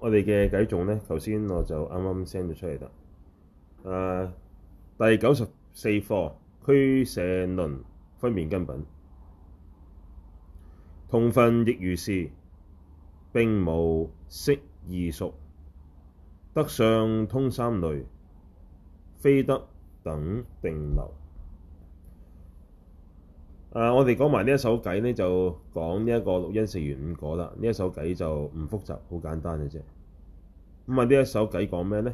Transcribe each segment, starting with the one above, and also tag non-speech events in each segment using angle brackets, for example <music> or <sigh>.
我哋嘅偈頌呢，頭先我就啱啱 send 咗出嚟啦。誒、啊，第九十四課，俱舍論，分別根品，同分亦如是，並無色異熟，得相通三類，非得定等流。誒、啊，我哋講埋呢一首偈咧，就講呢一個六因四緣五果啦。呢一首偈就唔複雜，好簡單嘅啫。咁啊，呢一首偈講咩咧？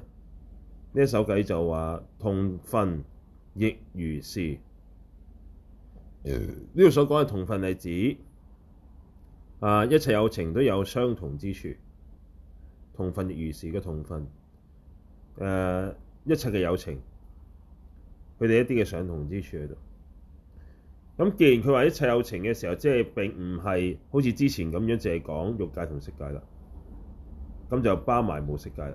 呢一首偈就話同分亦如是。呢、嗯、度所講嘅同分係指啊，一切有情都有相同之處。同分亦如是嘅同分，誒、啊，一切嘅有情，佢哋一啲嘅相同之處喺度。咁既然佢話一切有情嘅時候，即係並唔係好似之前咁樣，淨係講欲界同色界啦，咁就包埋無色界啦。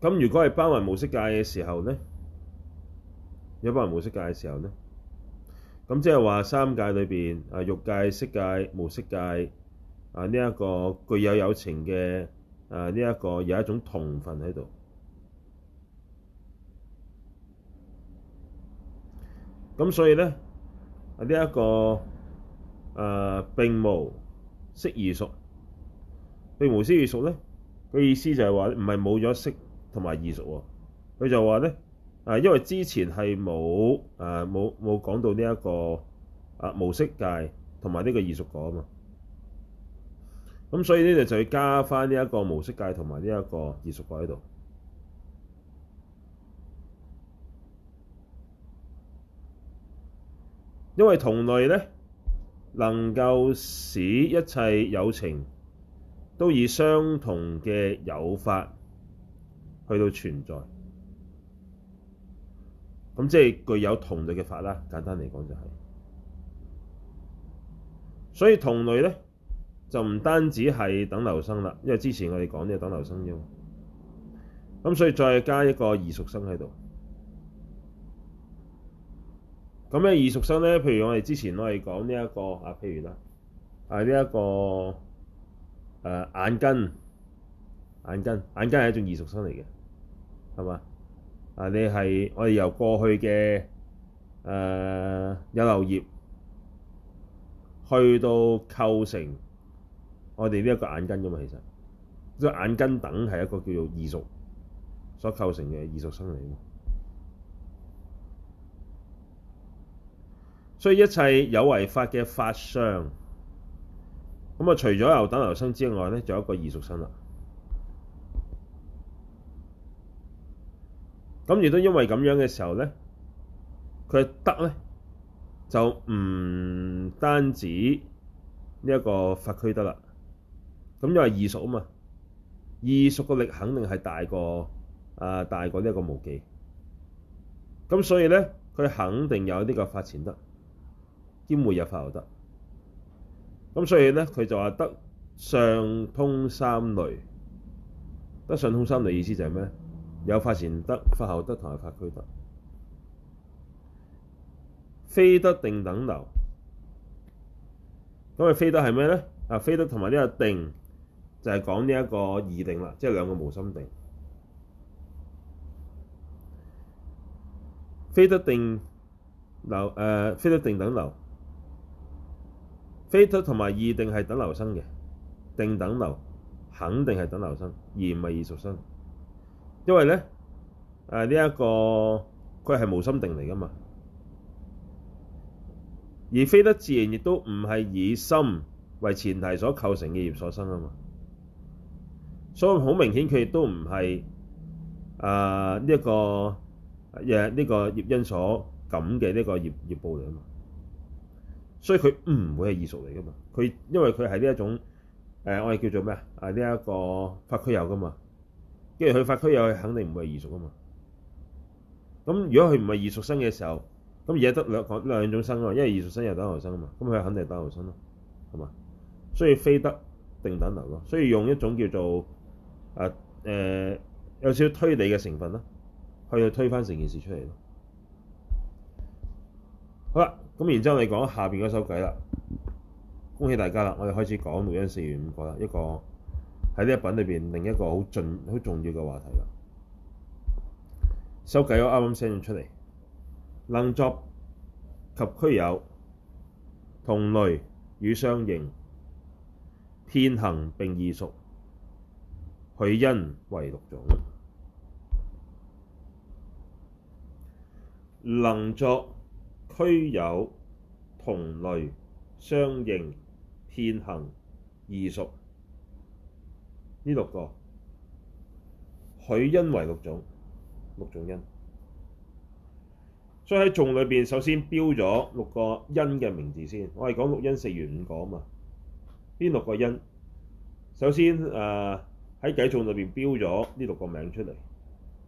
咁如果係包埋無色界嘅時候咧，有包埋無色界嘅時候咧，咁即係話三界裏邊啊，欲界、色界、無色界啊，呢一個具有有情嘅啊，呢一個有一種同分喺度。咁所以咧，呢、這、一個誒並無色異熟。並無色異熟咧，佢意思就係話唔係冇咗色同埋異熟喎、啊。佢就話咧誒，因為之前係冇誒冇冇講到呢、這、一個啊無色界同埋呢個異熟果啊嘛。咁所以呢，就就要加翻呢一個無色界同埋呢一個異熟果喺度。因為同類咧，能夠使一切有情都以相同嘅有法去到存在，咁即係具有同類嘅法啦。簡單嚟講就係、是，所以同類咧就唔單止係等流生啦，因為之前我哋講啲等流生啫，咁所以再加一個異熟生喺度。咁咧異熟生咧，譬如我哋之前我哋講呢一個啊，譬如啦、這個，啊呢一個誒眼根，眼根眼根係一種異熟生嚟嘅，係嘛？啊你係我哋由過去嘅誒、呃、有漏業去到構成我哋呢一個眼根啫嘛，其實，所以眼根等係一個叫做異熟所構成嘅異熟生嚟。所以一切有為法嘅法相，咁啊除咗有等流生之外咧，仲有一個異熟生啦。咁亦都因為咁樣嘅時候咧，佢得咧就唔單止呢一個法俱得啦。咁因為異熟啊嘛，異熟嘅力肯定係大過啊大過呢一個無記。咁所以咧，佢肯定有呢個法前得。兼末入法又得，咁所以咧，佢就話得相通三類。得相通三類意思就係咩？有法前得、法後得同埋法俱得，非得定等流。咁啊，非得係咩咧？啊，非得同埋呢個定，就係講呢一個二定啦，即、就、係、是、兩個無心定，非得定流誒、呃，非得定等流。非得同埋二定係等流生嘅定等流，肯定係等流生，而唔係異熟生。因為咧，誒呢一個佢係無心定嚟噶嘛，而非得自然亦都唔係以心為前提所構成嘅業所生啊嘛。所以好明顯佢亦都唔係誒呢一個嘅呢個業因所感嘅呢個業業報嚟啊嘛。所以佢唔會係異熟嚟噶嘛，佢因為佢係呢一種誒，我哋叫做咩啊？啊呢一個法區有噶嘛，跟住佢法區有肯定唔會係異熟啊嘛。咁如果佢唔係異熟生嘅時候，咁嘢得兩兩種生啊嘛，因為異熟生又等流生，生啊嘛，咁佢肯定係等流生啊嘛，係嘛？所以非得定等流咯，所以用一種叫做誒誒、啊呃、有少少推理嘅成分啦，去推翻成件事出嚟咯。好啦。咁然之後，我哋講下,下面嗰首偈啦。恭喜大家啦！我哋開始講六因四緣五果啦，一個喺呢一品裏面，另一個好好重要嘅話題啦。首偈我啱啱寫完出嚟，能作及俱有，同類與相應，遍行并異熟，許因唯六種能作。俱有、同類、相應、遍行、異熟，呢六個許因為六種六種因，所以喺頌裏邊首先標咗六個因嘅名字先。我係講六因四緣五果嘛，邊六個因？首先誒喺偈頌裏邊標咗呢六個名字出嚟：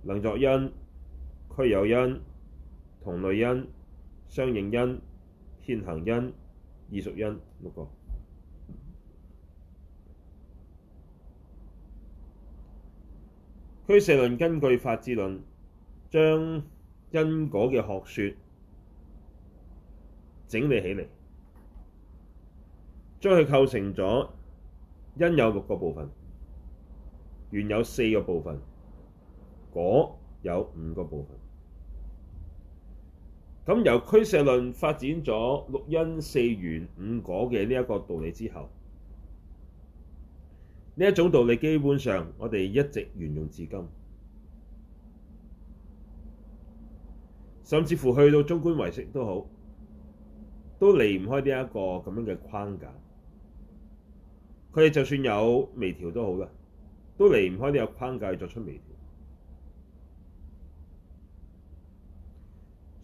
能作因、俱有因、同類因、相應因、牽行因、易熟因，六個。區世論根據法治論，將因果嘅學説整理起嚟，將佢構成咗因有六個部分，原有四個部分，果有五個部分。咁由俱舍論發展咗六因四緣五果嘅呢一個道理之後，呢一種道理基本上我哋一直沿用至今，甚至乎去到中觀唯識都好，都離唔開呢一個咁樣嘅框架。佢哋就算有微調都好啦，都離唔開呢個框架作出微調。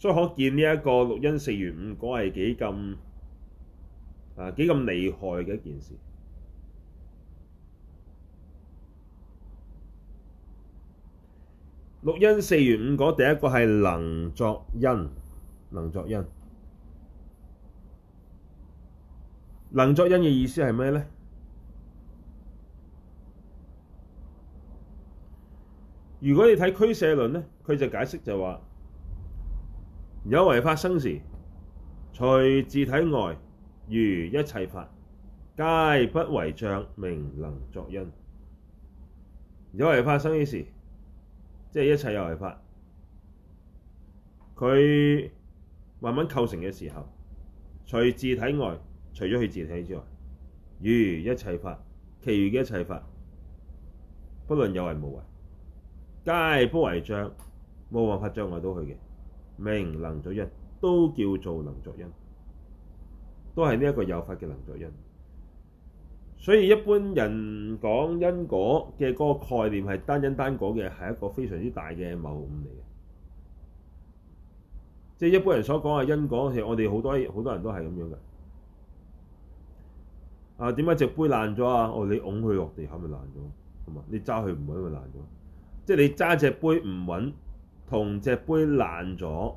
所以，可見呢一個六因四緣五果係幾咁啊幾咁厲害嘅一件事。六因四緣五果，第一個係能作因，能作因，能作因嘅意思係咩咧？如果你睇俱舍論咧，佢就解釋就話。有為法生時，除自體外，餘一切法，皆不為障，名能作因。有為法生之時，即係一切有為法，佢慢慢構成嘅時候，除自體外，除咗佢自體之外，餘一切法，其餘嘅一切法，不論有為無為，皆不為障，冇辦法障礙到佢嘅。名能作因，都叫做能作因，都係呢一個有法嘅能作因。所以一般人講因果嘅嗰個概念係單因單果嘅，係一個非常之大嘅謬誤嚟嘅。即係一般人所講嘅因果，其實我哋好多好多人都係咁樣嘅。啊，點解隻杯爛咗啊？哦，你拱佢落地下咪爛咗，係嘛？你揸佢唔穩咪爛咗，即係你揸隻杯唔穩。同隻杯爛咗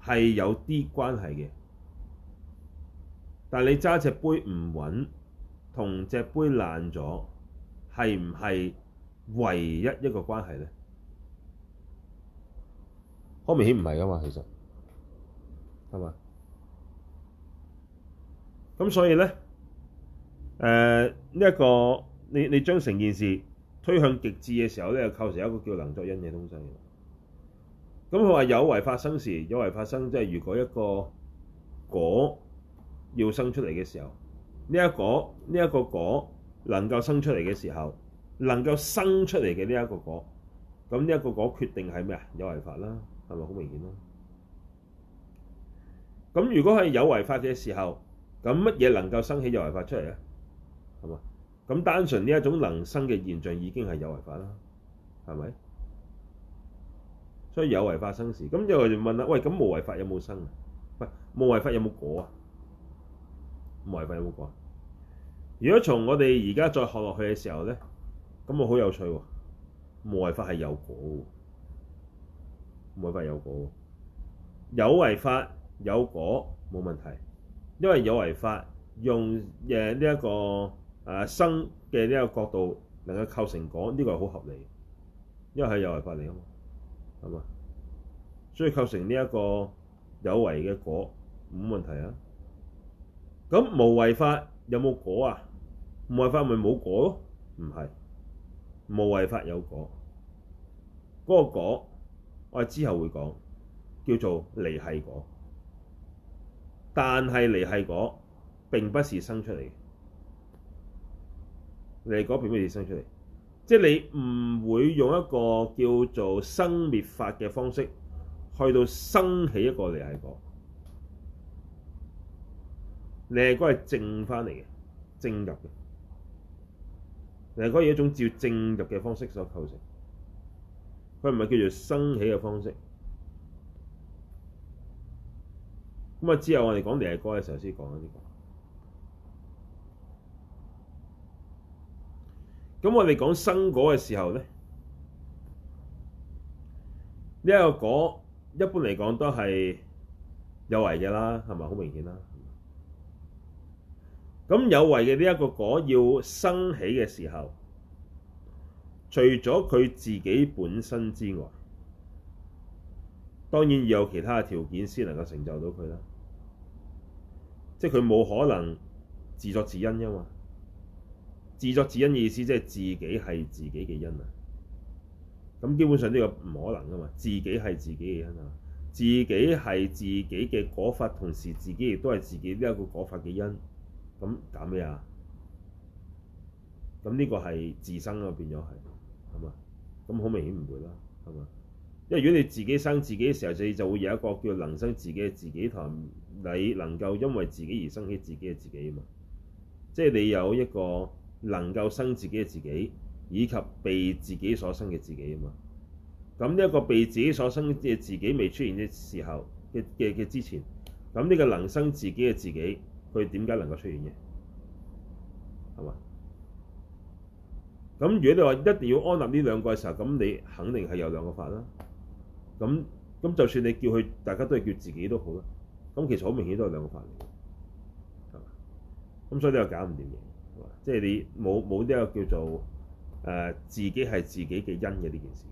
係有啲關係嘅，但係你揸隻杯唔穩，同隻杯爛咗係唔係唯一一個關係咧？好明顯唔係㗎嘛，其實係咪？咁所以咧，誒呢一個你你將成件事推向極致嘅時候咧，又構成一個叫能作因嘅東西。咁佢話有為發生時，有為發生即係如果一個果要生出嚟嘅時候，呢一個呢一個果能夠生出嚟嘅時候，能夠生出嚟嘅呢一個果，咁呢一個果決定係咩啊？有為法啦，係咪好明顯咯？咁如果係有為法嘅時候，咁乜嘢能夠生起有為法出嚟啊？係嘛？咁單純呢一種能生嘅現象已經係有為法啦，係咪？所以有為法生事咁又問啦，喂，咁無為法有冇生啊？喂，無為法有冇果啊？無為法有冇果？如果從我哋而家再學落去嘅時候咧，咁我好有趣喎！無為法係有果嘅，無為法有果，有為法有果冇問題，因為有為法用誒呢一個。誒、啊、生嘅呢個角度能夠構成果，呢、這個係好合理，因為係有為法嚟啊嘛，咁啊，所以構成呢一個有為嘅果冇問題啊。咁無為法有冇果啊？無為法咪冇果、啊，唔係，無為法有果，嗰、那個果我哋之後會講，叫做離係果，但係離係果並不是生出嚟。你嗰邊咩嘢生出嚟？即係你唔會用一個叫做生滅法嘅方式去到生起一個涅槃。涅槃係正翻嚟嘅，正入嘅。涅槃嘢係一種照正入嘅方式所構成，佢唔係叫做生起嘅方式。咁啊，之後我哋講涅槃嘅時候先講呢、這個。咁我哋講生果嘅時候咧，呢一個果一般嚟講都係有為嘅啦，係咪好明顯啦？咁有為嘅呢一個果要生起嘅時候，除咗佢自己本身之外，當然要有其他嘅條件先能夠成就到佢啦。即係佢冇可能自作自因噶嘛。自作自因意思即係自己係自己嘅因啊！咁基本上呢個唔可能噶嘛，自己係自己嘅因啊，自己係自己嘅果法，同時自己亦都係自己呢一個果法嘅因。咁搞咩啊？咁呢個係自生咯，變咗係係嘛？咁好明顯唔會啦，係嘛？因為如果你自己生自己嘅時候，你就會有一個叫能生自己嘅自己同你能夠因為自己而生起自己嘅自己啊嘛，即係你有一個。能夠生自己嘅自己，以及被自己所生嘅自己啊嘛。咁呢一個被自己所生嘅自己未出現嘅時候嘅嘅嘅之前，咁呢個能生自己嘅自己，佢點解能夠出現嘅？係嘛？咁如果你話一定要安立呢兩個嘅時候，咁你肯定係有兩個法啦。咁咁就算你叫佢，大家都係叫自己都好啦。咁其實好明顯都係兩個法嚟嘅，係嘛？咁所以你又搞唔掂嘢。即係你冇冇呢個叫做誒、呃、自己係自己嘅因嘅呢件事，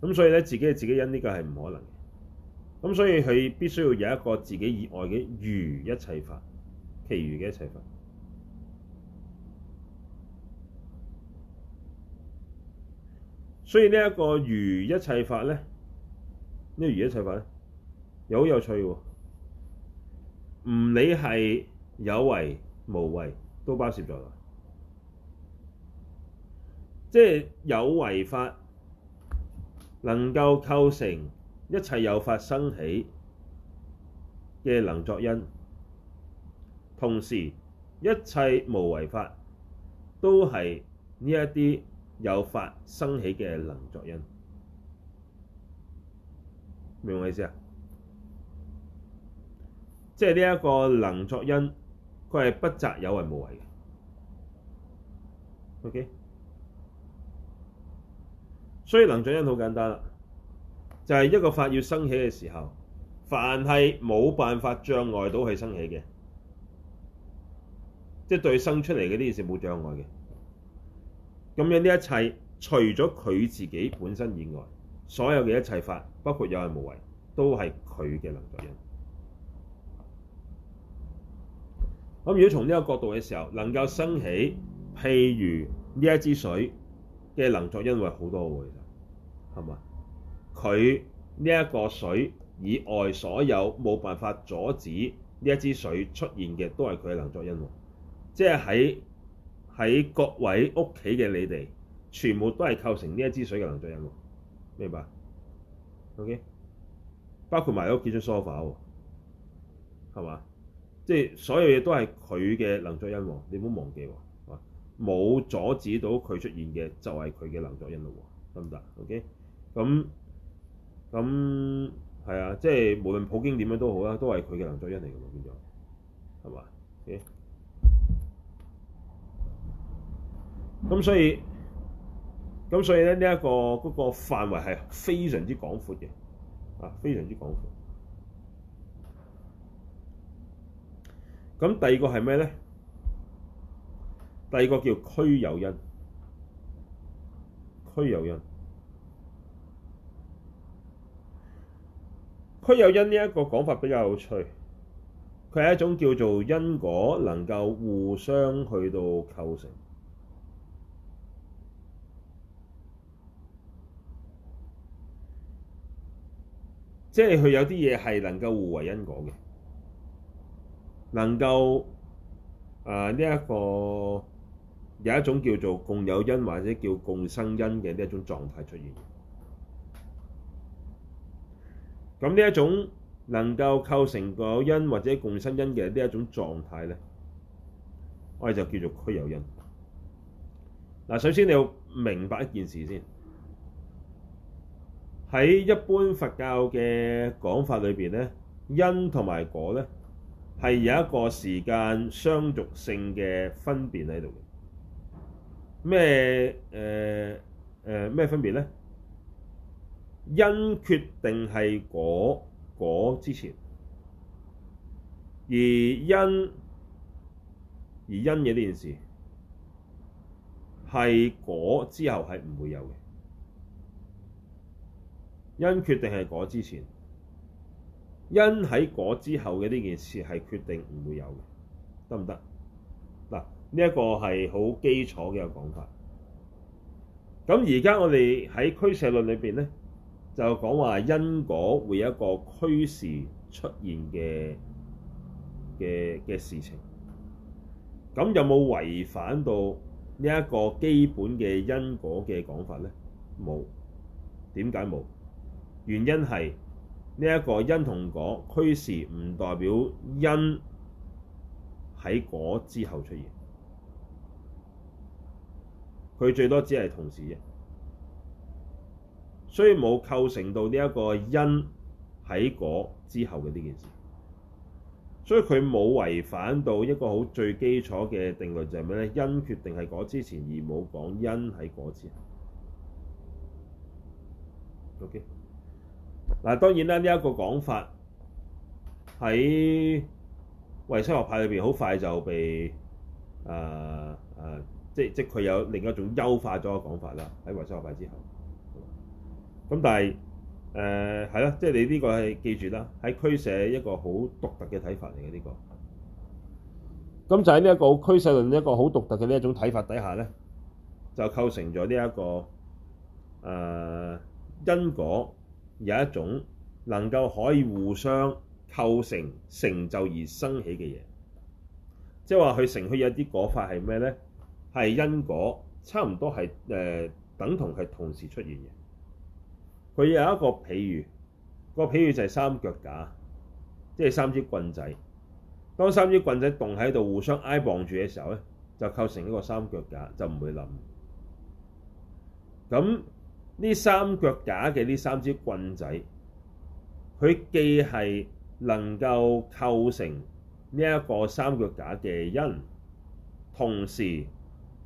咁所以咧，自己係自己因呢、這個係唔可能嘅，咁所以佢必須要有一個自己以外嘅餘一切法，其餘嘅一切法。所以呢一個餘一切法咧、呢、這個餘一切法又好有趣喎、啊，唔理係。有為無為都包攝在內，即係有為法能夠構成一切有法生起嘅能作因，同時一切無為法都係呢一啲有法生起嘅能作因，明唔明我意思啊？即係呢一個能作因。佢係不擇有為無為嘅，OK。所以能作因好簡單啦，就係一個法要生起嘅時候，凡係冇辦法障礙到佢生起嘅，即係對生出嚟嘅呢件事冇障礙嘅。咁樣呢一切，除咗佢自己本身以外，所有嘅一切法，包括有為無為，都係佢嘅能作因。咁如果從呢個角度嘅時候，能夠生起，譬如呢一支水嘅能作因，會好多嘅，其實，係嘛？佢呢一個水以外，所有冇辦法阻止呢一支水出現嘅，都係佢嘅能作因喎。即係喺喺各位屋企嘅你哋，全部都係構成呢一支水嘅能作因喎。明白？OK，包括埋屋企張梳化喎，係嘛？即係所有嘢都係佢嘅能作因喎，你唔好忘記喎，啊，冇阻止到佢出現嘅就係佢嘅能作因咯喎，得唔得？OK，咁咁係啊，即係無論普京點樣都好啦，都係佢嘅能作因嚟嘅喎變咗，係嘛？OK，咁所以咁所以咧呢一個嗰個範圍係非常之廣闊嘅，啊，非常之廣闊。咁第二個係咩咧？第二個叫俱有因，俱有因，俱有因呢一個講法比較有趣。佢係一種叫做因果，能夠互相去到構成，即係佢有啲嘢係能夠互為因果嘅。能夠誒，呢一個有一種叫做共有因或者叫共生因嘅呢一種狀態出現。咁呢一種能夠構成共有因或者共生因嘅呢一種狀態咧，我哋就叫做俱有因。嗱，首先你要明白一件事先。喺一般佛教嘅講法裏邊咧，因同埋果咧，係有一個時間相續性嘅分別喺度嘅。咩、呃？誒誒咩分別咧？因決定係果果之前，而因而因嘅呢件事係果之後係唔會有嘅。因決定係果之前。因喺果之後嘅呢件事係決定唔會有嘅，得唔得？嗱，呢一個係好基礎嘅講法。咁而家我哋喺俱舍論裏邊咧，就講話因果會有一個俱時出現嘅嘅嘅事情。咁有冇違反到呢一個基本嘅因果嘅講法咧？冇。點解冇？原因係。呢、這、一個因同果，俱時唔代表因喺果之後出現，佢最多只係同時啫，所以冇構成到呢一個因喺果之後嘅呢件事，所以佢冇違反到一個好最基礎嘅定律就係咩咧？因決定係果之前，而冇講因喺果之後。OK。嗱當然啦，呢、這、一個講法喺唯識學派裏邊好快就被誒誒、呃，即即佢有另一種優化咗嘅講法啦，喺唯識學派之後。咁、嗯、但係誒係咯，即係你呢個係記住啦，喺俱舍一個好獨特嘅睇法嚟嘅呢個。咁、嗯、就喺呢一個俱舍論一個好獨特嘅呢一種睇法底下咧，就構成咗呢一個誒、呃、因果。有一種能夠可以互相構成成就而生起嘅嘢，即係話佢成就有啲果法係咩咧？係因果差唔多係誒、呃、等同係同時出現嘅。佢有一個譬如，個譬如就係三腳架，即係三支棍仔。當三支棍仔棟喺度互相挨綁住嘅時候咧，就構成一個三腳架，就唔會冧。咁呢三腳架嘅呢三支棍仔，佢既係能夠構成呢一個三腳架嘅因，同時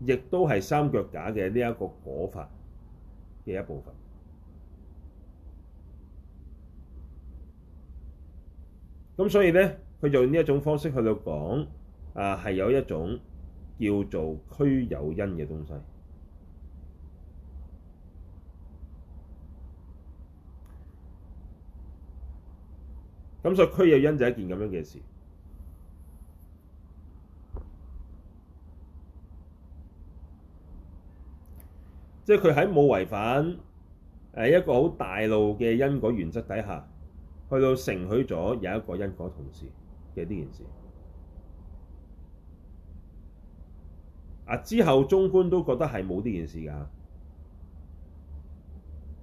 亦都係三腳架嘅呢一個果法嘅一部分。咁所以呢，佢用呢一種方式去到講啊，係有一種叫做俱有因嘅東西。咁所以俱有因就一件咁樣嘅事，即係佢喺冇違反誒一個好大路嘅因果原則底下，去到承許咗有一個因果同時嘅呢件事。啊，之後中觀都覺得係冇呢件事㗎，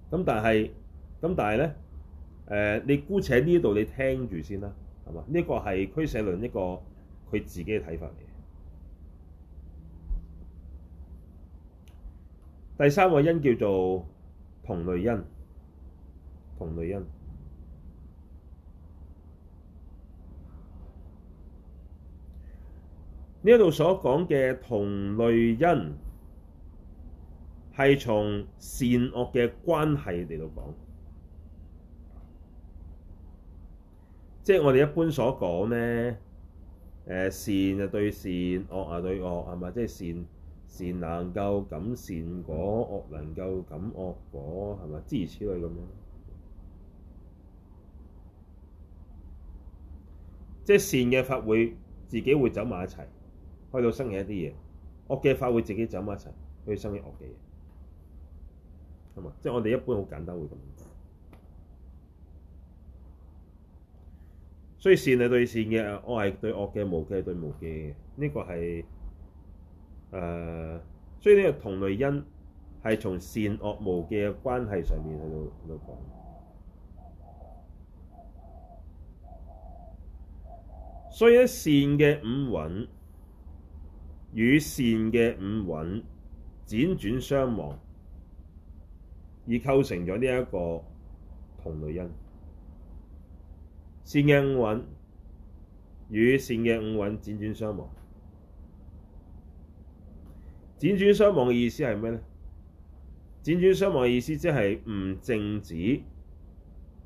咁但係，咁但係咧？誒、呃，你姑且呢度你聽住先啦，係嘛？呢、這個係俱舍論一個佢自己嘅睇法嚟。第三個因叫做同類因，同類因呢一度所講嘅同類因係從善惡嘅關係嚟到講。即係我哋一般所講咧，誒善啊對善，惡啊對惡係嘛？即係善善能夠感善果，惡能夠感惡果係嘛？諸如此類咁樣。即係善嘅法會自己會走埋一齊，去到生起一啲嘢；惡嘅法會自己走埋一齊，去生起惡嘅嘢。係嘛？即係我哋一般好簡單會咁。所以善係對善嘅，惡係對惡嘅，無記係對無記嘅，呢、這個係誒、呃。所以呢個同類因係從善惡無記嘅關係上面喺度喺度講。所以喺善嘅五蘊與善嘅五蘊輾轉相望，而構成咗呢一個同類因。善嘅五蘊與善嘅五蘊輾轉相望，輾轉相望嘅意思係咩咧？輾轉相望嘅意思即係唔淨止，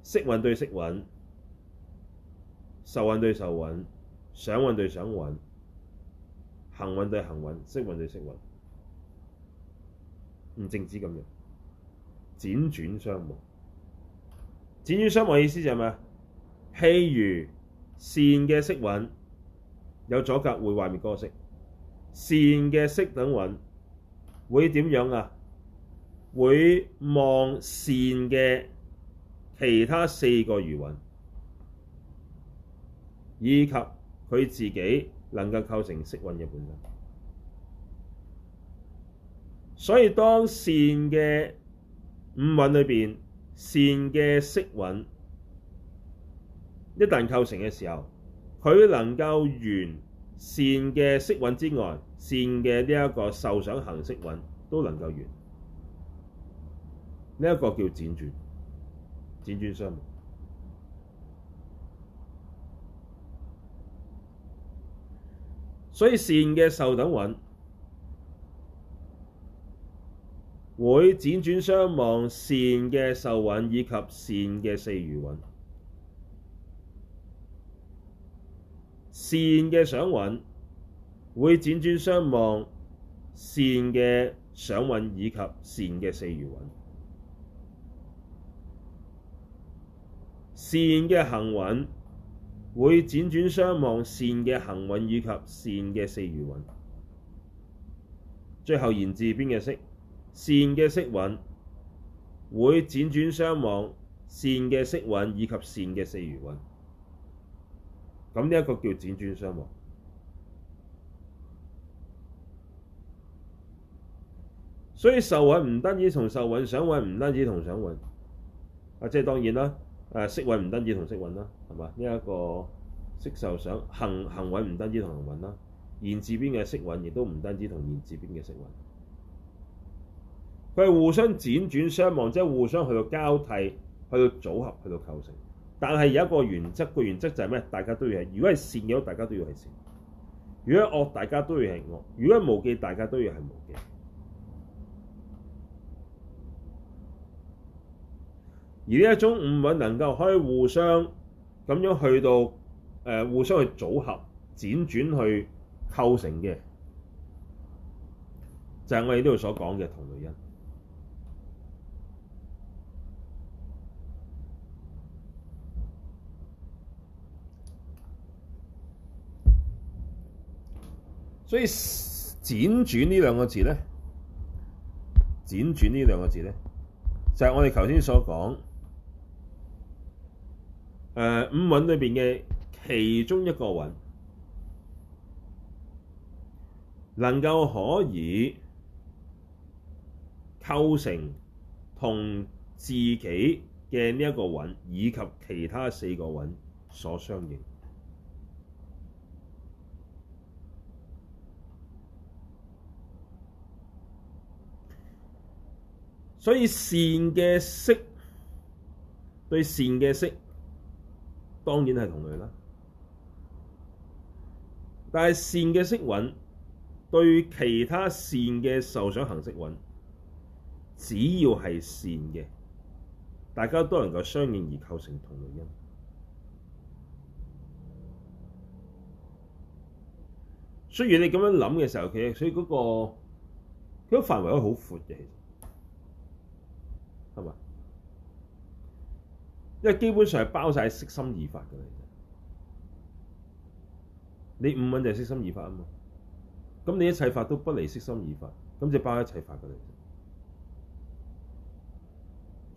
色蘊對色蘊，受蘊對受蘊，想蘊對想蘊，行蘊對行蘊，色蘊對色蘊，唔淨止咁樣，輾轉相望。輾轉相望嘅意思就係咩啊？譬如善嘅色蘊有阻隔，會毀面嗰個色，善嘅色等蘊會點樣啊？會望善嘅其他四個餘蘊，以及佢自己能夠構成色蘊嘅本身。所以當善嘅五蘊裏邊，善嘅色蘊。一旦構成嘅時候，佢能夠緣善嘅色蘊之外，善嘅呢一個受想行識蘊都能夠緣。呢、這、一個叫輾轉輾轉相望。所以善嘅受等蘊會輾轉相望，善嘅受蘊以及善嘅四餘蘊。善嘅想蘊會輾轉相望，善嘅想蘊以及善嘅四餘蘊；善嘅行蘊會輾轉相望，善嘅行蘊以及善嘅四餘蘊。最後言字邊嘅色，善嘅色蘊會輾轉相望，善嘅色蘊以及善嘅四餘蘊。咁呢一個叫輾轉相望，所以受蘊唔單止同受蘊，想蘊唔單止同想蘊，啊，即係當然啦，誒、啊，識蘊唔單止同識蘊啦，係嘛？呢、這、一個識受想行行蘊唔單止同行蘊啦，言字邊嘅識蘊亦都唔單止同言字邊嘅識蘊，佢係互相輾轉相望，即係互相去到交替，去到組合，去到構成。但係有一個原則，個原則就係咩？大家都要係，如果係善嘅，大家都要係善；如果惡，大家都要係惡；如果無記，大家都要係無記。而呢一種唔允能夠可以互相咁樣去到誒、呃、互相去組合、輾轉去構成嘅，就係、是、我哋呢度所講嘅同類因。所以，輾轉呢兩個字呢，輾轉呢兩個字呢，就係我哋頭先所講，呃、五蘊裏面嘅其中一個蘊，能夠可以構成同自己嘅呢一個蘊，以及其他四個蘊所相應。所以善嘅色，對善嘅色當然係同類啦。但係善嘅色蘊對其他善嘅受想行識蘊，只要係善嘅，大家都能夠相應而構成同類因。所以你咁樣諗嘅時候，其實所以嗰個嗰個範圍都好闊嘅。因為基本上係包晒色心二法嘅，你五蘊就色心二法啊嘛，咁你一切法都不離色心二法，咁就包一切法嘅嚟。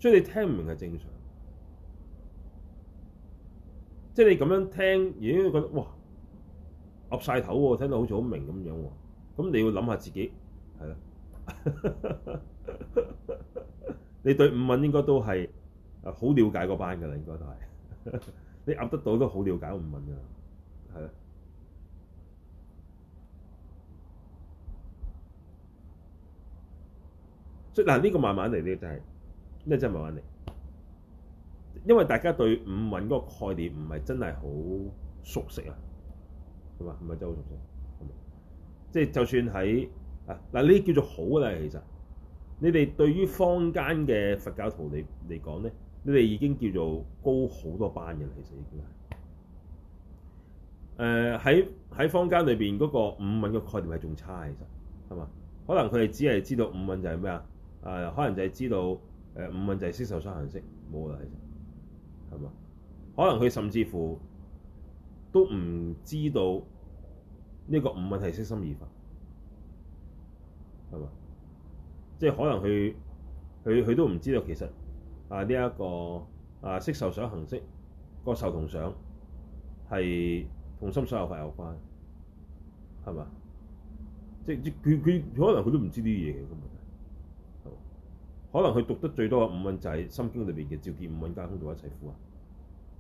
所以你聽唔明係正常，即係你咁樣聽，已經覺得哇，岌晒頭喎，聽到好似好明咁樣喎，咁你要諗下自己係啦。對 <laughs> 你對五蘊應該都係。好了解嗰班㗎啦，應該都係。你噏得到都好了解五蘊㗎，係啦。即嗱呢個慢慢嚟咧，就係呢個真係慢慢嚟。因為大家對五蘊嗰個概念唔係真係好熟悉啊，係嘛？唔係真係好熟悉，係嘛？即係就算喺啊嗱，呢叫做好㗎啦，其實你哋對於坊間嘅佛教徒嚟嚟講咧。你哋已經叫做高好多班嘅啦，其實已經係。誒喺喺坊間裏邊嗰個五蘊嘅概念係仲差，其實係嘛？可能佢哋只係知道五蘊就係咩啊？誒、呃，可能就係知道誒、呃、五蘊就係色受想行識，冇啦，其實係嘛？可能佢甚至乎都唔知道呢個五蘊係色心二法，係嘛？即係可能佢佢佢都唔知道其實。啊！呢、這、一個啊，色受想行識，這個受同想係同心所有法有關，係嘛？即係佢佢可能佢都唔知啲嘢嘅問題，係嘛？可能佢讀得最多五蘊就係《心經》裏邊嘅《照見五蘊皆空》度一齊苦啊！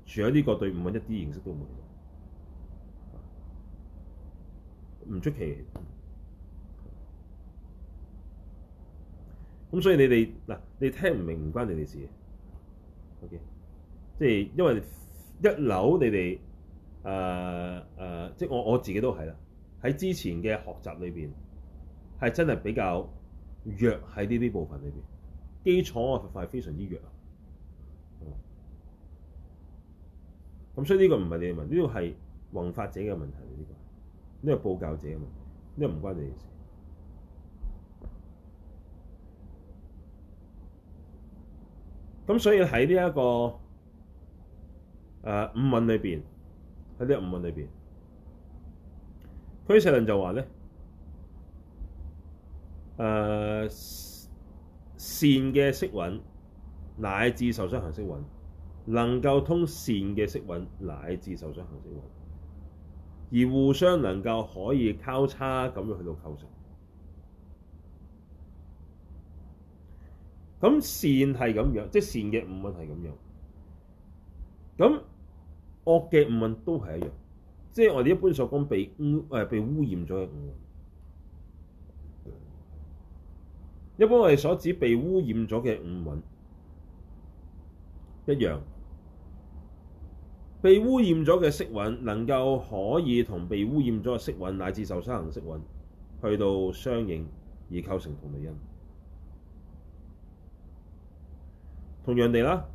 除咗呢個對五蘊一啲認識都冇，唔出奇。咁所以你哋嗱，你聽唔明唔關你哋事。O.K.，即係因為一樓你哋誒誒，即係我我自己都係啦。喺之前嘅學習裏邊，係真係比較弱喺呢啲部分裏邊，基礎嘅佛法係非常之弱咁、嗯、所以呢個唔係你嘅問，呢個係弘法者嘅問題。呢個呢個佈教者嘅問題，呢個唔關你哋事。咁所以喺呢一個誒，呃、五蘊裏邊，喺呢個五蘊裏邊，俱舍論就話咧，誒善嘅色蘊乃至受想行識蘊，能夠通善嘅色蘊乃至受想行識蘊，而互相能夠可以交叉咁樣去到構成。」咁善係咁樣，即係善嘅五蘊係咁樣。咁惡嘅五蘊都係一樣，即係我哋一般所講被污誒、呃、被污染咗嘅五蘊。一般我哋所指被污染咗嘅五蘊一樣，被污染咗嘅色蘊能夠可以同被污染咗嘅色蘊乃至受想行識蘊去到相應而構成同類因。同樣地啦，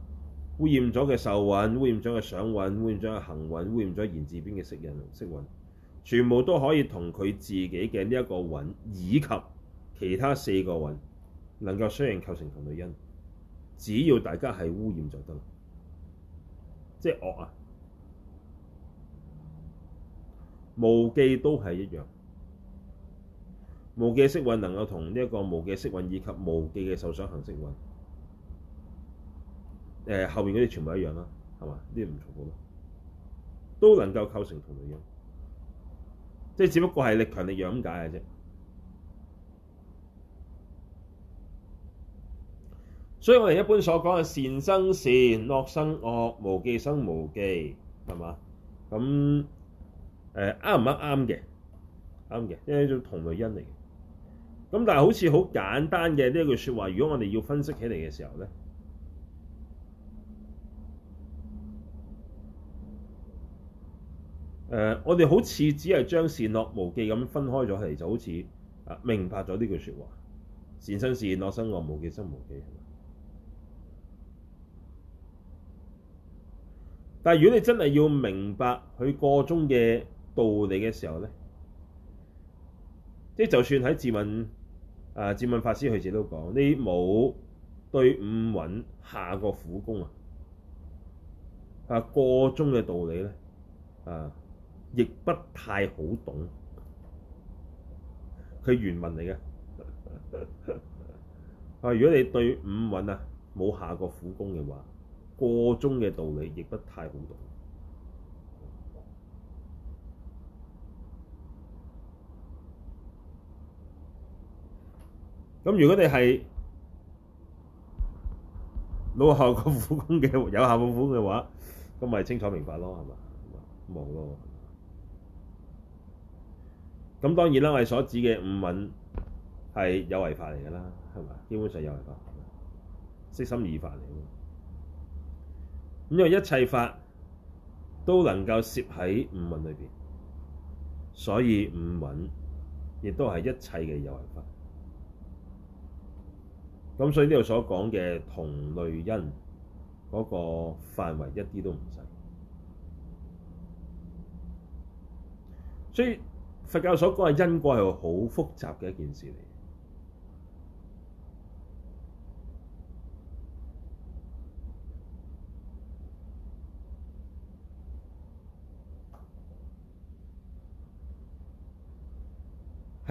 污染咗嘅受蘊、污染咗嘅想蘊、污染咗嘅行蘊、污染咗言字邊嘅識，識蘊，全部都可以同佢自己嘅呢一個蘊以及其他四個蘊能夠相應構成同類因。只要大家係污染就得啦，即係惡啊！無記都係一樣，無記色蘊能夠同呢一個無記色蘊以及無記嘅受想行識蘊。誒後邊嗰啲全部一樣啦，係嘛？呢啲唔重複咯，都能夠構成同類因，即係只不過係力強力弱咁解嘅啫。所以我哋一般所講嘅善生善，惡生惡，無記生無記，係嘛？咁誒啱唔啱？啱嘅，啱嘅，因為呢種同類因嚟嘅。咁但係好似好簡單嘅呢一句説話，如果我哋要分析起嚟嘅時候咧？誒、uh,，我哋好似只係將善惡無記咁分開咗嚟，就好似啊明白咗呢句説話：善生善惡生惡無記生無記，係嘛。但係如果你真係要明白佢個中嘅道理嘅時候咧，即係就算喺自問啊自問法師佢自己都講，你冇對五蘊下過苦功啊,啊，個中嘅道理咧啊～亦不太好懂，佢原文嚟嘅。啊， <laughs> 如果你對五蘊啊冇下過苦功嘅話，個中嘅道理亦不太好懂。咁如果你係老下過苦功嘅，有下過苦功嘅話，咁咪清楚明白咯，係嘛？冇咯。咁當然啦，我哋所指嘅五蘊係有為法嚟噶啦，係咪？基本上有為法，色心二法嚟嘅。咁因為一切法都能夠攝喺五蘊裏邊，所以五蘊亦都係一切嘅有為法。咁所以呢度所講嘅同類因嗰個範圍一啲都唔細，所以。佛教所講嘅因果係好複雜嘅一件事嚟，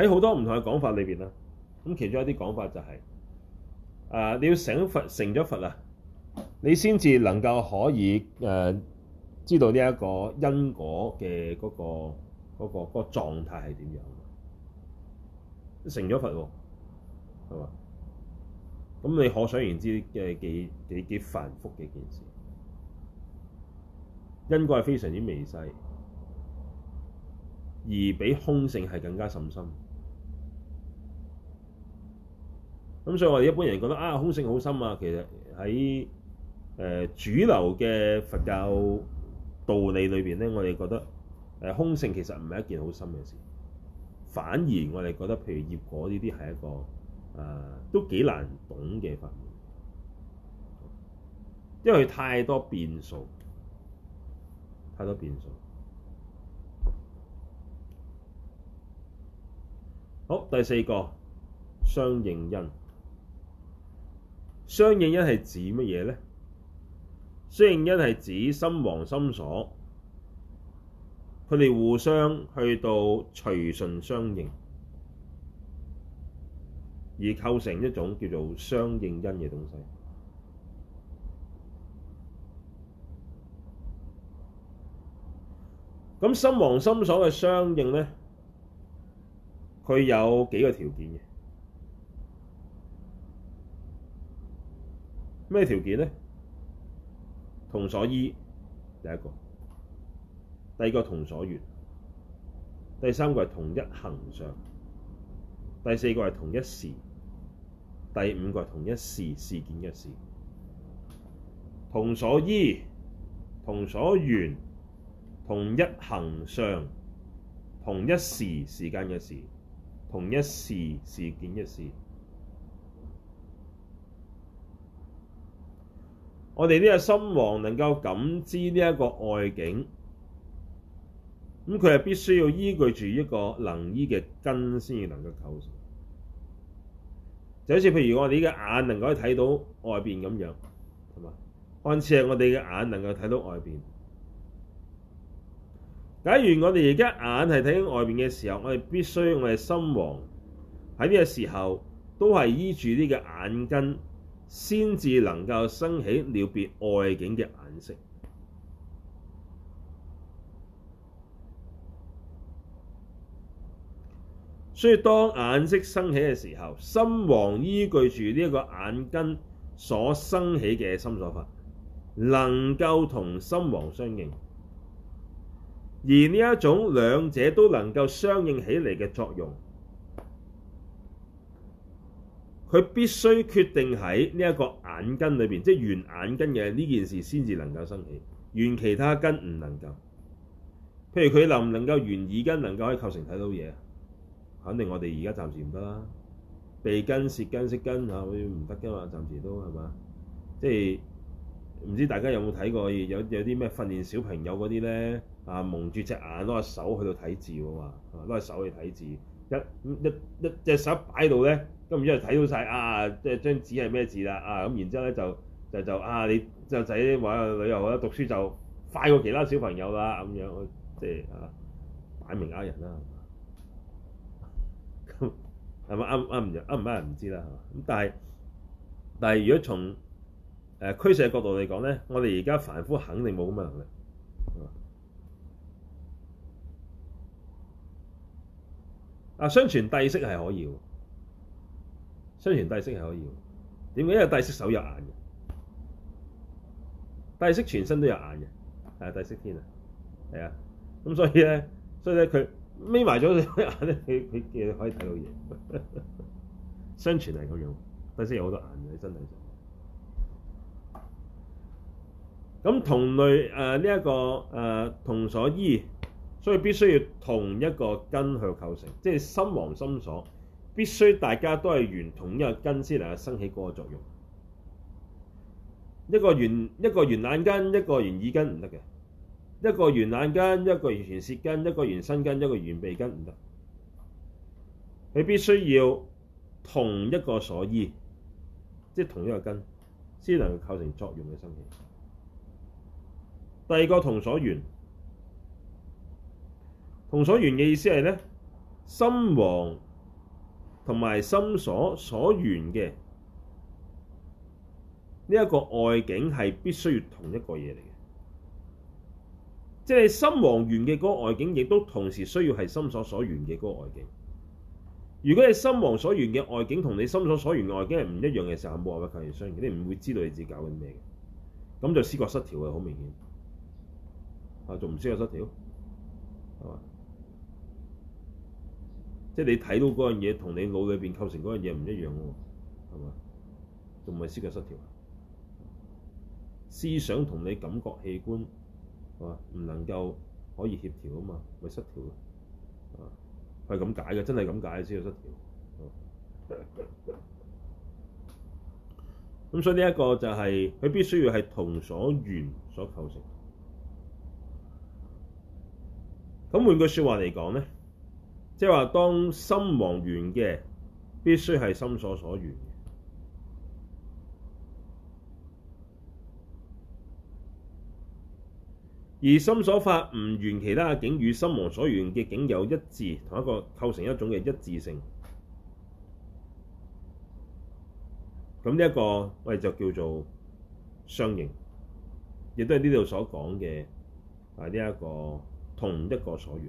喺好多唔同嘅講法裏邊啦。咁其中一啲講法就係：啊，你要成佛，成咗佛啊，你先至能夠可以誒、呃、知道呢一個因果嘅嗰、嗰個。嗰、那個嗰、那個狀態係點樣？成咗佛係、啊、嘛？咁你可想而知嘅幾幾幾繁複嘅一件事，因果係非常之微細，而比空性係更加甚深，深。咁所以，我哋一般人覺得啊，空性好深啊。其實喺誒、呃、主流嘅佛教道理裏邊咧，我哋覺得。空性其實唔係一件好深嘅事，反而我哋覺得譬如業果呢啲係一個誒、呃、都幾難懂嘅法門，因為佢太多變數，太多變數。好，第四個相應因，相應因係指乜嘢咧？相應因係指，指心王心所。佢哋互相去到隨順相應，而構成一種叫做相應因嘅東西。咁心王心所嘅相應咧，佢有幾個條件嘅？咩條件咧？同所依，第一個。第二個同所緣，第三個係同一行相，第四個係同一時，第五個係同一事，事件嘅事。同所依、同所緣、同一行相、同一時，時間嘅時、同一事，事件嘅事。我哋呢個心王能夠感知呢一個外境。咁佢係必須要依據住一個能依嘅根，先至能夠構成。就好似譬如我哋嘅眼能夠睇到外邊咁樣，係嘛？看似係我哋嘅眼能夠睇到外邊。假如我哋而家眼係睇外邊嘅時候，我哋必須我哋心王喺呢個時候都係依住呢個眼根，先至能夠生起了別外境嘅眼識。所以，當眼識生起嘅時候，心王依據住呢一個眼根所生起嘅心所法，能夠同心王相應。而呢一種兩者都能夠相應起嚟嘅作用，佢必須決定喺呢一個眼根裏邊，即係緣眼根嘅呢件事先至能夠生起，緣其他根唔能夠。譬如佢能唔能夠緣耳根，能夠可以構成睇到嘢？肯定我哋而家暫時唔得啦，鼻根、舌根、舌根嚇，會唔得嘅嘛，暫時都係嘛，即係唔知大家有冇睇過，有有啲咩訓練小朋友嗰啲咧，啊蒙住隻眼攞隻手去到睇字嘅嘛，攞、啊、隻手去睇字，一一一隻手擺呢看到咧，咁然之後睇到晒，啊，即係張紙係咩字啦，啊咁然之後咧就就就啊你隻仔玩去旅遊啊，讀書就快過其他小朋友啦咁樣，即係啊擺明呃人啦。係咪啱啱？唔啱，唔啱，唔知啦嚇。咁但係但係，如果從誒俱舍嘅角度嚟講咧，我哋而家凡夫肯定冇咁嘅能力。啊，相傳帝釋係可以喎，相傳帝釋係可以喎。點解？因為帝釋手有眼嘅，帝釋全身都有眼嘅，係帝釋天啊，係啊。咁所以咧，所以咧，佢。眯埋咗眼咧，佢佢嘅可以睇到嘢。相傳係咁樣的，但係真係好多眼嘅真係。咁同類誒呢一個誒、呃、同所依，所以必須要同一個根去構成，即係心王心所必須大家都係緣同一個根先能夠生起嗰個作用。一個緣一個緣眼根，一個緣耳根唔得嘅。一個緣眼根，一個緣舌根，一個緣身根，一個緣鼻根唔得。你必須要同一個所依，即係同一個根，先能夠構成作用嘅生起。第二個同所緣，同所緣嘅意思係咧，心王同埋心所所緣嘅呢一個外境係必須要同一個嘢嚟。即係心王緣嘅嗰個外境，亦都同時需要係心所所緣嘅嗰個外境。如果係心王所緣嘅外境同你心所所緣嘅外境係唔一樣嘅時候，冇辦法構成相。你唔會知道你自己搞緊咩嘅。咁就思覺失調啊，好明顯。啊，仲唔思覺失調？就是、啊，即係你睇到嗰樣嘢同你腦裏邊構成嗰樣嘢唔一樣喎，係嘛？仲唔係思覺失調？思想同你感覺器官。唔、哦、能夠可以協調啊嘛，咪失調咯。啊，係咁解嘅，真係咁解先有失調。咁、啊、所以呢一個就係、係、佢必須要係同所緣所構成。咁換句説話嚟講咧，即係話當心亡緣嘅，必須係心所所緣。而心所法唔緣，其他嘅境與心王所緣嘅境有一致，同一個構成一種嘅一致性。咁呢一個，我哋就叫做相應，亦都係呢度所講嘅啊！呢一個同一個所緣，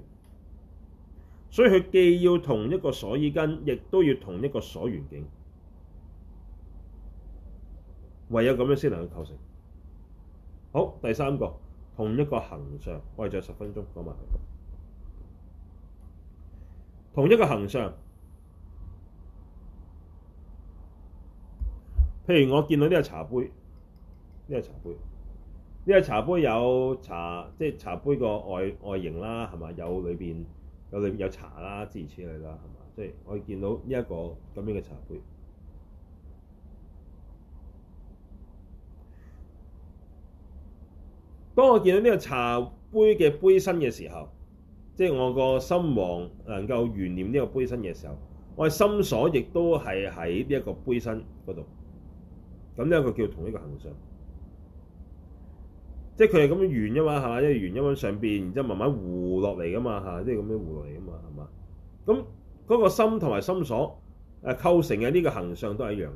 所以佢既要同一個所依根，亦都要同一個所緣境，唯有咁樣先能夠構成。好，第三個。同一個行相，我哋仲有十分鐘講埋。同一個行相，譬如我見到呢個茶杯，呢個茶杯，呢個茶杯有茶，即係茶杯個外外形啦，係嘛？有裏邊有裏邊有茶啦，諸如此類啦，係嘛？即係我見到呢一個咁樣嘅茶杯。當我見到呢個茶杯嘅杯身嘅時候，即係我個心王能夠懸念呢個杯身嘅時候，我嘅心所亦都係喺呢一個杯身嗰度。咁呢個叫同一個行相，即係佢係咁樣圓噶嘛，係嘛，即係圓咁樣上邊，然之後慢慢弧落嚟噶嘛，吓，即係咁樣弧落嚟噶嘛，係嘛。咁嗰個心同埋心所誒構成嘅呢個行相都係一樣，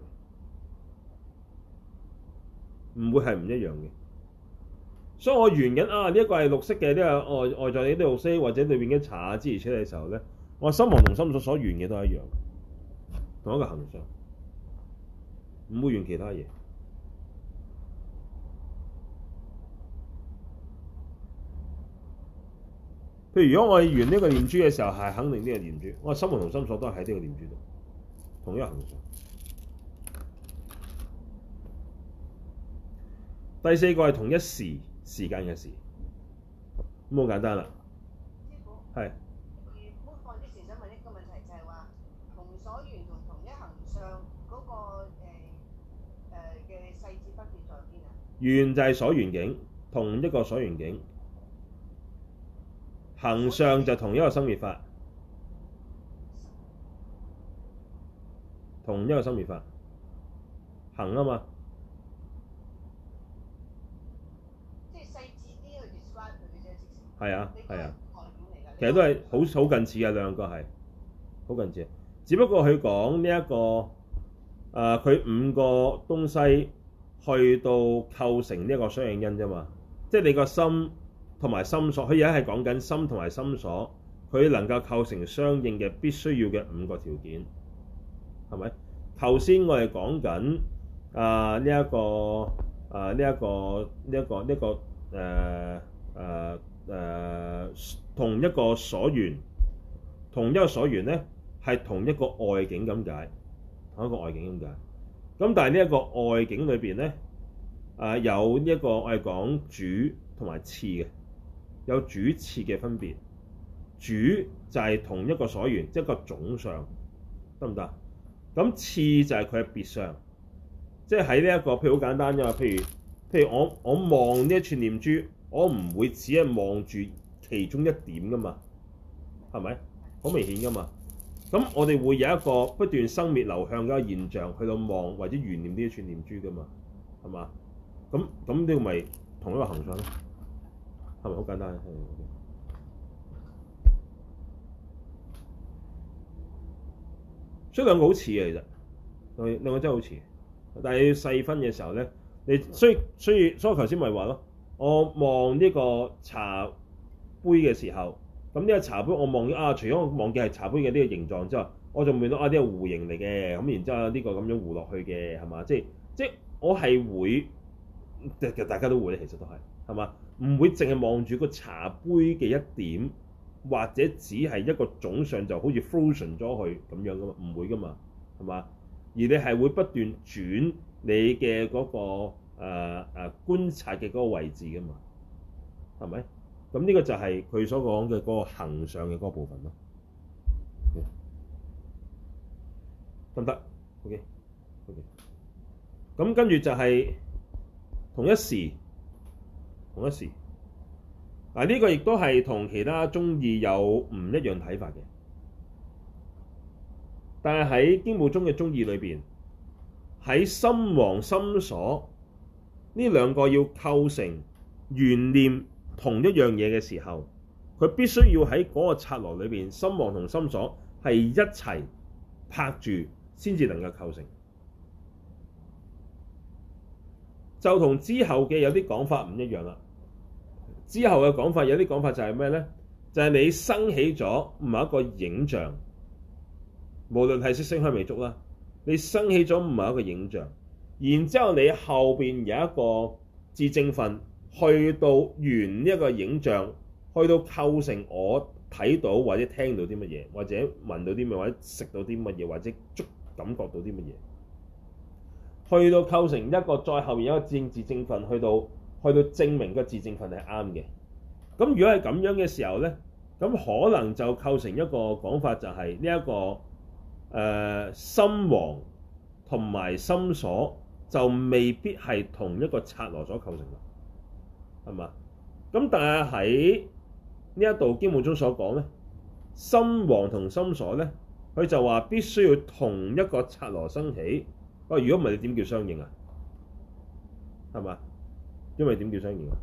唔會係唔一樣嘅。所以我圓緊啊，呢一個係綠色嘅，呢個外外在啲綠色，或者裏邊嘅茶啊之類出嚟嘅時候咧，我心王同心所所圓嘅都係一樣，同一個行相，唔會圓其他嘢。譬如如果我圓呢個念珠嘅時候，係肯定呢個念珠，我心王同心所都係喺呢個念珠度，同一個行相。第四個係同一時。時間嘅事，咁好簡單啦，係。而播放之前想問一個問題，就係、是、話同所緣同同一行相、嗰個嘅、呃呃、細節分別在邊啊？緣就係所緣境，同一個所緣境，行相就同一個生滅法、嗯，同一個生滅法，行啊嘛。係啊，係啊，其實都係好好近似嘅兩個係好近似。只不過佢講呢、這、一個誒，佢、呃、五個東西去到構成呢一個相應因啫嘛。即、就、係、是、你個心同埋心所，佢而家係講緊心同埋心所，佢能夠構成相應嘅必須要嘅五個條件係咪？頭先我哋講緊誒呢一個誒呢一個呢一個呢個誒誒。呃呃誒同一個所緣，同一個所緣咧，係同一個外境咁解，同一個外境咁解。咁但係呢、呃、一個外境裏邊咧，誒有呢一個我係講主同埋次嘅，有主次嘅分別。主就係同一個所緣，即係個總相，得唔得？咁次就係佢嘅別相，即係喺呢一個譬如好簡單啫嘛，譬如譬如，譬如我我望呢一串念珠。我唔會只係望住其中一點噶嘛，係咪？好明顯噶嘛。咁我哋會有一個不斷生滅流向嘅現象去到望或者懸念呢一串念珠噶嘛，係嘛？咁咁呢個咪同一個行相咯，係咪好簡單？所以兩個好似嘅其實，兩兩個真係好似，但係細分嘅時候咧，你所以所以所以，所以我頭先咪話咯。我望呢個茶杯嘅時候，咁呢個茶杯我望啊，除咗我望嘅係茶杯嘅呢個形狀之外，我仲見到啊，呢個弧形嚟嘅，咁然之後呢個咁樣弧落去嘅，係嘛？即係即係我係會，大家都會，其實都係，係嘛？唔會淨係望住個茶杯嘅一點，或者只係一個總上就好似 fusion 咗去咁樣噶嘛，唔會噶嘛，係嘛？而你係會不斷轉你嘅嗰個。誒、呃、誒、呃、觀察嘅嗰個位置㗎嘛，係咪？咁呢個就係佢所講嘅嗰個行相嘅嗰部分咯，得唔得？OK，OK。咁、okay. okay. 跟住就係同一時，同一時。啊，呢、呢個亦都係同其他宗義有唔一樣睇法嘅，但係喺經部宗嘅宗義裏邊，喺心王心所。呢兩個要構成緣念同一樣嘢嘅時候，佢必須要喺嗰個剎那裏邊，心王同心所係一齊拍住，先至能夠構成。就同之後嘅有啲講法唔一樣啦。之後嘅講法有啲講法就係咩呢？就係、是、你生起咗唔係一個影像，無論係色聲香味觸啦，你生起咗唔係一個影像。然之後，你後邊有一個自證分，去到緣呢一個影像，去到構成我睇到或者聽到啲乜嘢，或者聞到啲咩，或者食到啲乜嘢，或者觸感覺到啲乜嘢，去到構成一個再後面有一個自證自證分，去到去到證明個自證分係啱嘅。咁如果係咁樣嘅時候咧，咁可能就構成一個講法、就是，就係呢一個誒、呃、心王同埋心所。就未必係同一個剎那所構成嘅，係嘛？咁但係喺呢一度經文中所講咧，心王同心所咧，佢就話必須要同一個剎那生起。喂，如果唔係你點叫相應啊？係嘛？因為點叫相應啊？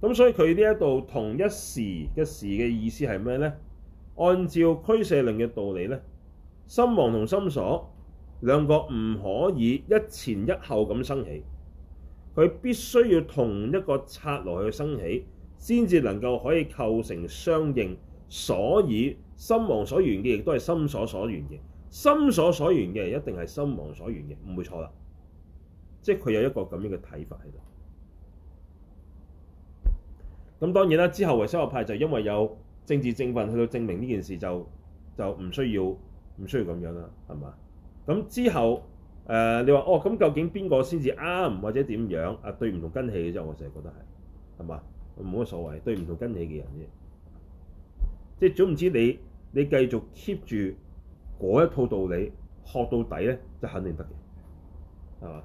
咁所以佢呢一度同一時嘅時嘅意思係咩咧？按照俱舍論嘅道理咧，心王同心所，兩個唔可以一前一後咁生起，佢必須要同一個剎那去生起，先至能夠可以構成相應。所以心王所緣嘅亦都係心所所緣嘅，心所所緣嘅一定係心王所緣嘅，唔會錯啦。即係佢有一個咁樣嘅睇法喺度。咁當然啦，之後唯識學派就因為有證自證分去到證明呢件事，就就唔需要唔需要咁樣啦，係嘛？咁之後，誒、呃、你話哦，咁究竟邊個先至啱，或者點樣啊？對唔同根器嘅啫，我成日覺得係，係嘛？冇乜所謂，對唔同根器嘅人啫。即係總唔知你，你繼續 keep 住嗰一套道理學到底咧，就肯定得嘅，係嘛？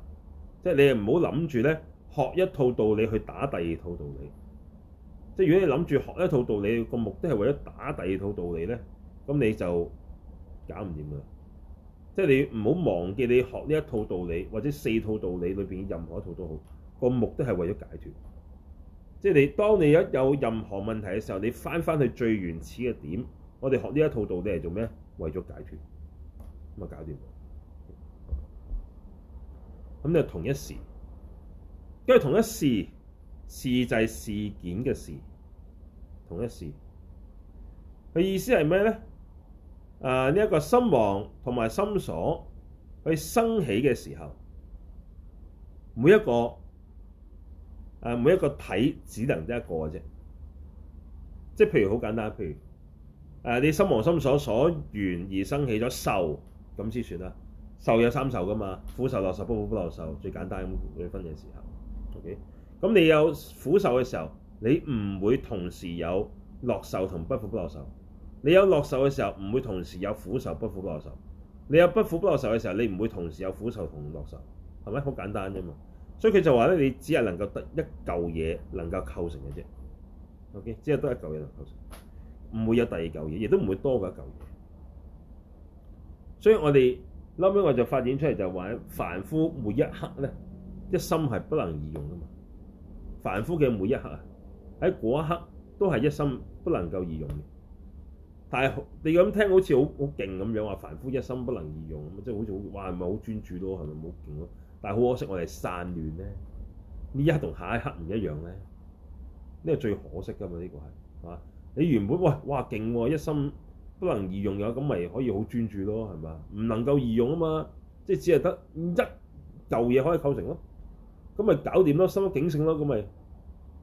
即、就、係、是、你唔好諗住咧，學一套道理去打第二套道理。即係如果你諗住學一套道理個目的係為咗打第二套道理咧，咁你就搞唔掂㗎。即係你唔好忘記你學呢一套道理或者四套道理裏邊任何一套都好，個目的係為咗解脫。即係你當你有有任何問題嘅時候，你翻翻去最原始嘅點。我哋學呢一套道理係做咩？為咗解脫，咁啊搞掂。咁就同一時，因為同一事，事就係事件嘅事，同一事。佢意思係咩咧？啊！呢、這、一個心王同埋心所去生起嘅時候，每一個、啊、每一個體只能得一個嘅啫。即譬如好簡單，譬如誒、啊、你心王、心所所緣而生起咗受，咁先算啦。受有三受噶嘛，苦受、樂受、不苦不樂受。最簡單咁嚟分嘅時候，ok。咁你有苦受嘅時候，你唔會同時有樂受同不苦不樂受。你有樂受嘅時候，唔會同時有苦受不苦不樂受；你有不苦不樂受嘅時候，你唔會同時有苦受同樂受，係咪好簡單啫嘛？所以佢就話咧，你只係能夠得一嚿嘢能夠構成嘅啫。OK，只係得一嚿嘢能夠構成，唔會有第二嚿嘢，亦都唔會多過一嚿嘢。所以我哋後屘我就發展出嚟就話，凡夫每一刻咧，一心係不能二用噶嘛。凡夫嘅每一刻啊，喺嗰一刻都係一心不能夠二用嘅。但係你咁聽好似好好勁咁樣話，凡夫一心不能二用咁即係好似好話，係咪好專注咯，係咪好勁咯？但係好可惜，我哋散亂咧，呢一刻同下一刻唔一樣咧，呢個最可惜㗎嘛，呢個係係嘛？你原本哇哇勁喎，一心不能二用嘅，咁咪可、這個可啊、可以好專注咯，係嘛？唔能夠二用啊嘛，即係只係得一嚿嘢可以構成咯，咁咪搞掂咯，心一境性咯，咁咪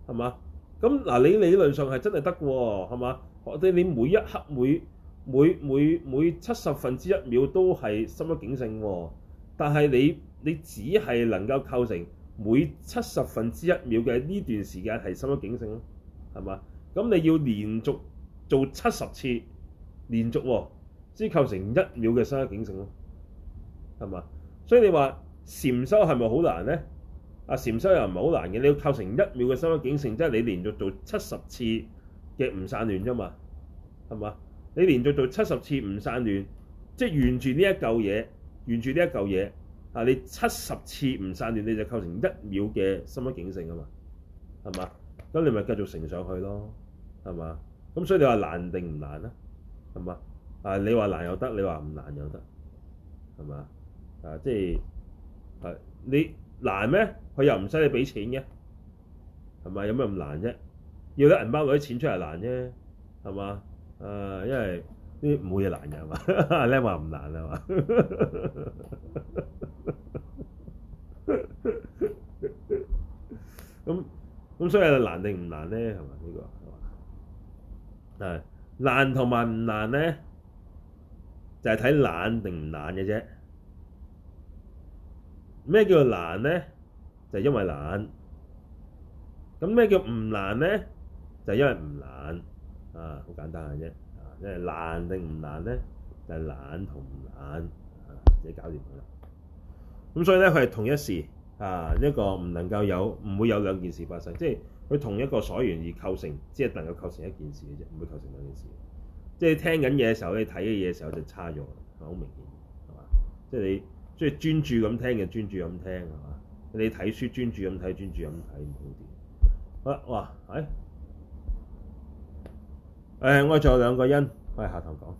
係嘛？咁嗱，你理論上係真係得喎，係嘛？我哋你每一刻每每每每七十分之一秒都係心一警醒喎，但係你你只係能夠構成，每七十分之一秒嘅呢段時間係心一境性咯，係嘛？咁你要連續做七十次，連續先構成一秒嘅心一境性咯，係嘛？所以你話禪修係咪好難呢？啊，禪修又唔係好難嘅，你要構成一秒嘅心一境性，即係你連續做七十次。嘅唔散亂啫嘛，係嘛？你連續做七十次唔散亂，即係沿住呢一嚿嘢，沿住呢一嚿嘢啊！你七十次唔散亂，你就構成一秒嘅心一境性啊嘛，係嘛？咁你咪繼續乘上去咯，係嘛？咁所以你話難定唔難啊？係嘛？啊，你話難又得，你話唔難又得，係嘛？啊，即係係你難咩？佢又唔使你俾錢嘅，係咪？有咩咁難啫？要得銀包攞啲錢出嚟難啫，係嘛？誒，因為啲冇嘢難嘅，係嘛？你話唔難，係嘛？咁咁，所以難定唔難咧？係嘛？呢個係嘛？啊，難同埋唔難咧，就係睇懶定唔懶嘅啫。咩叫難咧？就係因為懶。咁咩叫唔難咧？就是、因為唔懶啊，好簡單嘅啫。啊，因為懶定唔懶咧，就係、是、懶同唔懶，就是、懶，懶啊，自己搞掂佢啦。咁所以咧，佢係同一時啊，一、這個唔能夠有唔會有兩件事發生，即係佢同一個所緣而構成，只係能夠構成一件事嘅啫，唔會構成兩件事。即係聽緊嘢嘅時候，你睇嘅嘢嘅時候就差咗啦，係好明顯，係嘛？即係你即係專注咁聽就專注咁聽係嘛？你睇書專注咁睇專注咁睇唔好掂。啊哇，哎！誒、呃，我仲有兩個因，我哋下堂講。